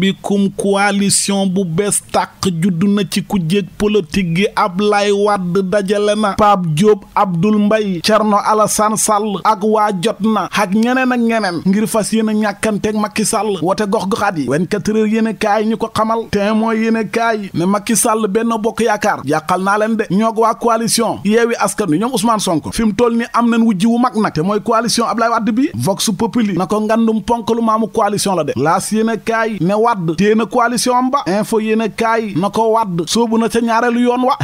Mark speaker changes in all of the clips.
Speaker 1: mbikum coalition bu bees tàq judd na ci ku jéeg politique gi Ablaye Wade dajale na Pape mbay Abdoul Mbaye ala san Sall ak waa jot na ak ñeneen ak ñeneen ngir fas yéene ñàkkanteeg Macky Sall wote gox-goxaat yi 24 heures yéene kaay ñu ko xamal te mooy yéene kaay ne Macky Sall benn bokk yaakaar yàqal naa leen de ñoog waa coalition yeewi askan wi ñoom Ousmane sonk fi mu toll ni am nañ wujji wu mag nag te mooy coalition Ablaye Wade bi Vox Populi na ko ngandum ponk lu maamu coalition la de Wade téye na coalition ba info yéen a kaay na ko Wade soobu na ca ñaareelu yoon wa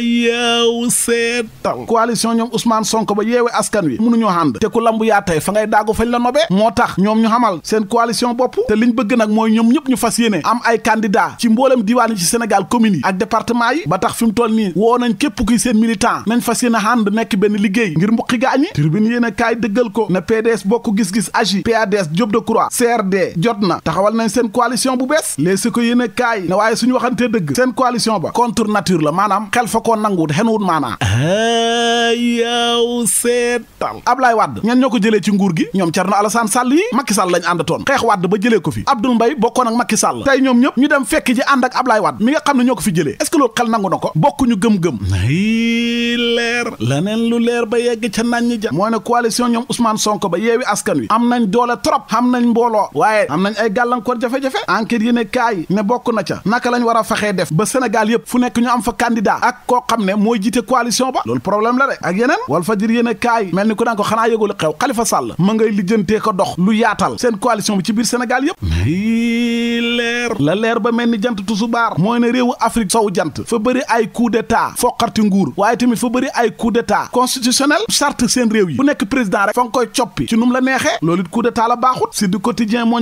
Speaker 1: yow seetal coalition ñoom Ousmane Sonko ba yeewe askan wi mënuñoo ànd te ku lamb yaa tey fa ngay daagu fañ la nobee moo tax ñoom ñu xamal seen coalition bopp te liñ bëgg nag mooy ñoom ñëpp ñu fas yéene am ay candidat ci mboolem diiwaan yi ci Sénégal communes yi ak département yi ba tax fi mu toll nii woo nañ képp kuy seen militant nañ fas yéene ànd nekk benn liggéey ngir mbuqi gaañi tribune yéen a kaay dëggal ko na PDS bokk gis-gis agi PADS nañ seen coalition bu bees léeg si ko yéen a kaay ne waaye suñu waxantee dëgg seen coalition ba contre nature la maanaam xel fa koo nanguwut xenuwut maanaa yaw seetal Ablaye Wade ñan ñoo ko jëlee ci nguur gi ñoom Thierno Alassane Sall yi Macky Sall lañ àndatoon xeex Wade ba jëlee ko fi Abdoul Mbaye bokkoon ak Macky Sall tey ñoom ñëpp ñu dem fekk ji ànd ak Ablaye Wade mi nga xam ne ñoo ko fi jëlee est-ce que xel nangu na ko bokk ñu gëm-gëm leer laneen lu leer ba yegg ca nañ ñi ja mooy ne coalition ñoom Ousmane Sonko ba yeewi askan wi am nañ doole trop am nañ ay encore jafe-jafe enquête yéen kaay ne bokk na ca naka lañu war a fexee def ba Sénégal yëpp fu nekk ñu am fa candidat ak koo xam ne mooy jiite coalition ba loolu problème la de ak yeneen wal fajir yéen kaay mel ni ku daan ko xanaa yëgul xew Khalifa Sall ma ngay lijjantee ko dox lu yaatal seen coalition bi ci biir Sénégal yëpp leer la leer ba mel ni jant tusubaar mooy ne réew Afrique sow jant fa bëri ay coup d'état foqarti nguur waaye tamit fa bëri ay coup d'état constitutionnel seen réew bu nekk président rek fa nga koy coppi la neexee loolu it la baaxut si du quotidien moo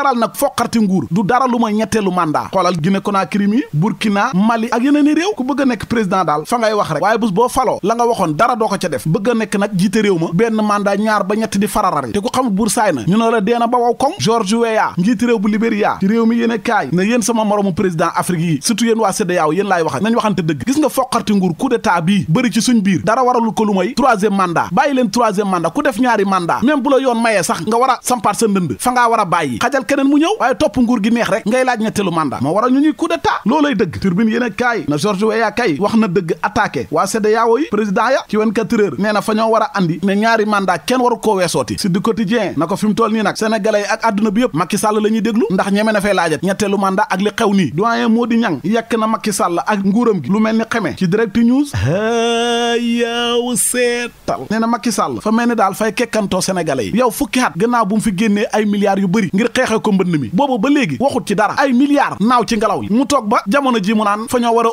Speaker 1: waral nag foqarti nguur du dara lu ma ñetteelu mandat xoolal Guinée Conakry mi Burkina Mali ak yeneen réew ku bëgg a nekk président daal fa ngay waaye bés boo faloo la nga waxoon dara doo ko ca def bëgg a nekk nag jiite réew ma benn mandat ñaar ba ñetti di fararari te ku xamul buur na ñu ne la deena ba waw koŋ George Weah njiiti réew bu Libéria ci réew mi yéen a kaay ne yéen sama moromu président Afrique yi surtout yéen waa CEDEAO yéen laay wax nañ waxante lu may troisième mandat bàyyi leen troisième mandat ku def ñaari mandat même bu a a bàyyi keneen mu ñëw waaye topp nguur gi neex rek ngay laaj ñetteelu mandat moo waral ñu ñuy coup d'état loolay dëgg turbine yéen na George Weah kay wax na dëgg attaqué waa CEDEAO yi président ya ci 24 nee na fa ñoo war a andi ne ñaari mandat kenn waru koo weesooti si du quotidien na ko fi mu toll nii nag sénégalais yi ak àdduna bi yëpp Macky Sall la ñuy déglu ndax ñeme na fay laajat ñetteelu mandat ak li xew nii moo di Niang yekk na Macky Sall ak nguuram gi lu mel ni xeme ci direct news yaaw seetal nee na Macky Sall fa mel ni daal fay kekkantoo sénégalais yow fukki at bu mu fi génnee ay milliards yu bëri ngir xeexe ko mbënd mi boobu ba léegi waxut ci dara ay milliards naaw ci ngelaw yi mu toog ba jamono ji mu naan fa ñoo war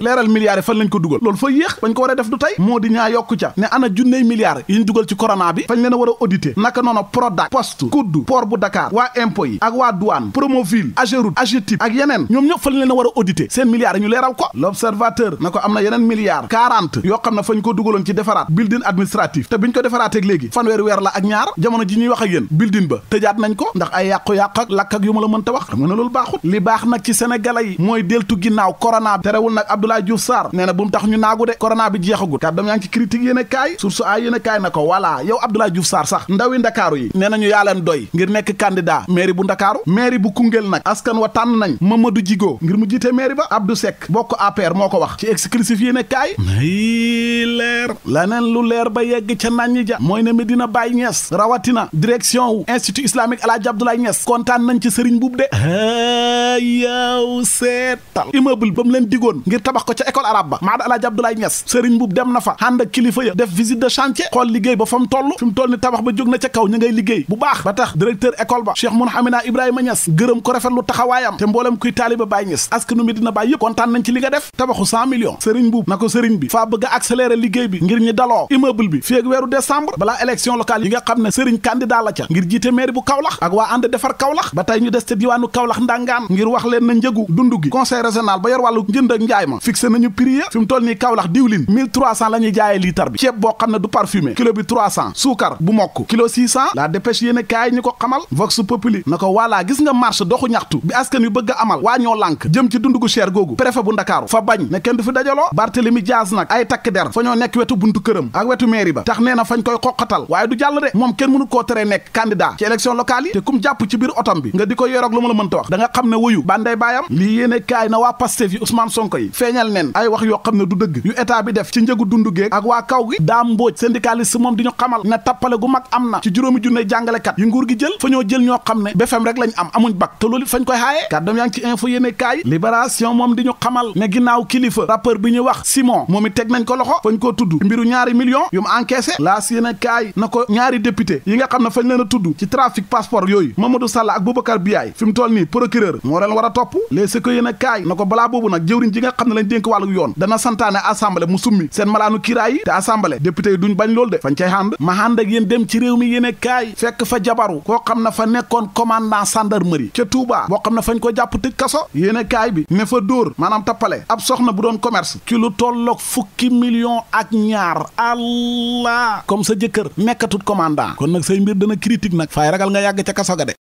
Speaker 1: leeral milliards yi fan lañ ko dugal loolu fa yéex bañ ko war def du tey moo di ñaa yokku ca ne ana junney milliards yi ñu dugal ci corona bi fañ leen a war naka noonu Prodac poste kuddu port bu Dakar waa impôt ak waa douane Promoville Ageroute Agetip ak yeneen ñoom ñëpp fañ leen a war seen milliards yi ñu leeral ko l'observateur yàq ak lakk ak yu ma la mënta wax xam nga ne baaxut li baax nag ci sénégalais yi mooy deltu ginnaaw corona bi terewul nag Abdoulaye Diouf Sarr nee na bu mu tax ñu naagu de corona bi jeexagul kàddam yaa ngi ci critique yéen a kaay source a yéen a kaay na ko voilà yow Abdoulaye Diouf Sarr sax ndawi ndakaaru yi nee nañu yaa leen doy ngir nekk candidat mairie bu ndakaaru mairie bu Koungheul nag askan wa tànn nañ Mamadou Djigo ngir mu jiite mairie ba Abdou Seck bokk APR moo ko wax ci exclusif yéen a kaay lu leer ba yegg ca nañ ja mooy ne Medina Baye Niass rawatina direction wu institut islamique Alaaji Abdoulaye Niass kon kontaan nañ ci sëriñ buub de yaaw seetal immeuble ba mu leen digoon ngir tabax ko ca école arabe ba maa da alaaji Abdoulaye sëriñ buub dem na fa ànd ak kilifa ya def visite de chantier xool liggéey ba fa mu toll fi mu toll ni tabax ba jóg na ca kaw ñu ngay liggéey bu baax ba tax directeur école ba Cheikh Mouhamina Ibrahima Niass gërëm ko rafet lu taxawaayam te mboolem kuy taaliba Baye Niass askanu Medina Baye yëpp kontaan nañ ci li nga def tabaxu 100 millions sëriñ buub na ko sëriñ bi a liggéey bi ngir ñi daloo immeuble bi fii ak weeru décembre balaa élection locale yi nga xam ne sëriñ candidat la ca ngir jiite maire bu Kaolack ak waa ànd defar Kaolack ba tey ñu des ca diwaanu Kaolack ndangaan ngir wax leen na njëgu dund gi conseil ba yor wàllu njënd njaay ma fixé nañu prix ya fi nii Kaolack diwlin 1300 la ñuy bi ceeb boo xam ne du parfumé kilo bi suukar bu mokk kilo 600 la dépêche a kaay ñu ko xamal vox populi na ko waalaa gis nga marche doxu ñaxtu bi askan yu bëgg amal waa ñoo lànk jëm ci dund gu googu préfet bu Ndakaaru fa bañ ne kenn du fi dajaloo Barthélemy Dias otom bi nga di ko yoroog lu ma la mënta wax da nga xam ne wuyu bànday baayam lii yéene kaay na waa Pastef yi Ousmane Sonko yi feeñal nen ay wax yoo xam ne du dëgg yu état bi def ci njëgu dund géeg ak waa kaw gi daam mbooj syndicaliste moom di ñu xamal ne tappale gu mag am na ci juróomi junne jàngalekat yu nguur gi jël fa ñoo jël ñoo xam ne befem rek lañ am amuñ bak te loolu fañ koy xaaye kàddoom yaa ngi ci info yéene kaay libération moom xamal ne ginnaaw kilifa rappeur bi ñu wax Simon moom it teg nañ ko loxo fañ koo tudd mbiru ñaari million yu mu encaissé laas yéene kaay na ko ñaari député yi nga xam ne fañ leen a tudd ci trafic passeport yooyu Mamadou Sall ak Boubacar Biaye fi mu toll nii procureur moo leen war a topp les si ko yéene kaay na ko balaa boobu nag jëwriñ ji nga xam ne lañ dénk wàllu yoon dana santaane assemblée mu summi seen malaanu kiraay yi te assemblée député yi duñ bañ loolu de fañ cay ànd ma ànd ak yéen dem ci réew mi yéene kaay fekk fa koo xam ne fa nekkoon commandant gendarmerie ca Touba boo xam ne fañ ko jàpp tëj kaso yéene kaay bi ne fa dóor maanaam tappale ab soxna bu doon commerce kilo lu fukki million ak ñaar allah comme sa jëkkër nekkatut commandant kon nag say mbir dana critique nag faay ragal nga yàgg ca kaso ga de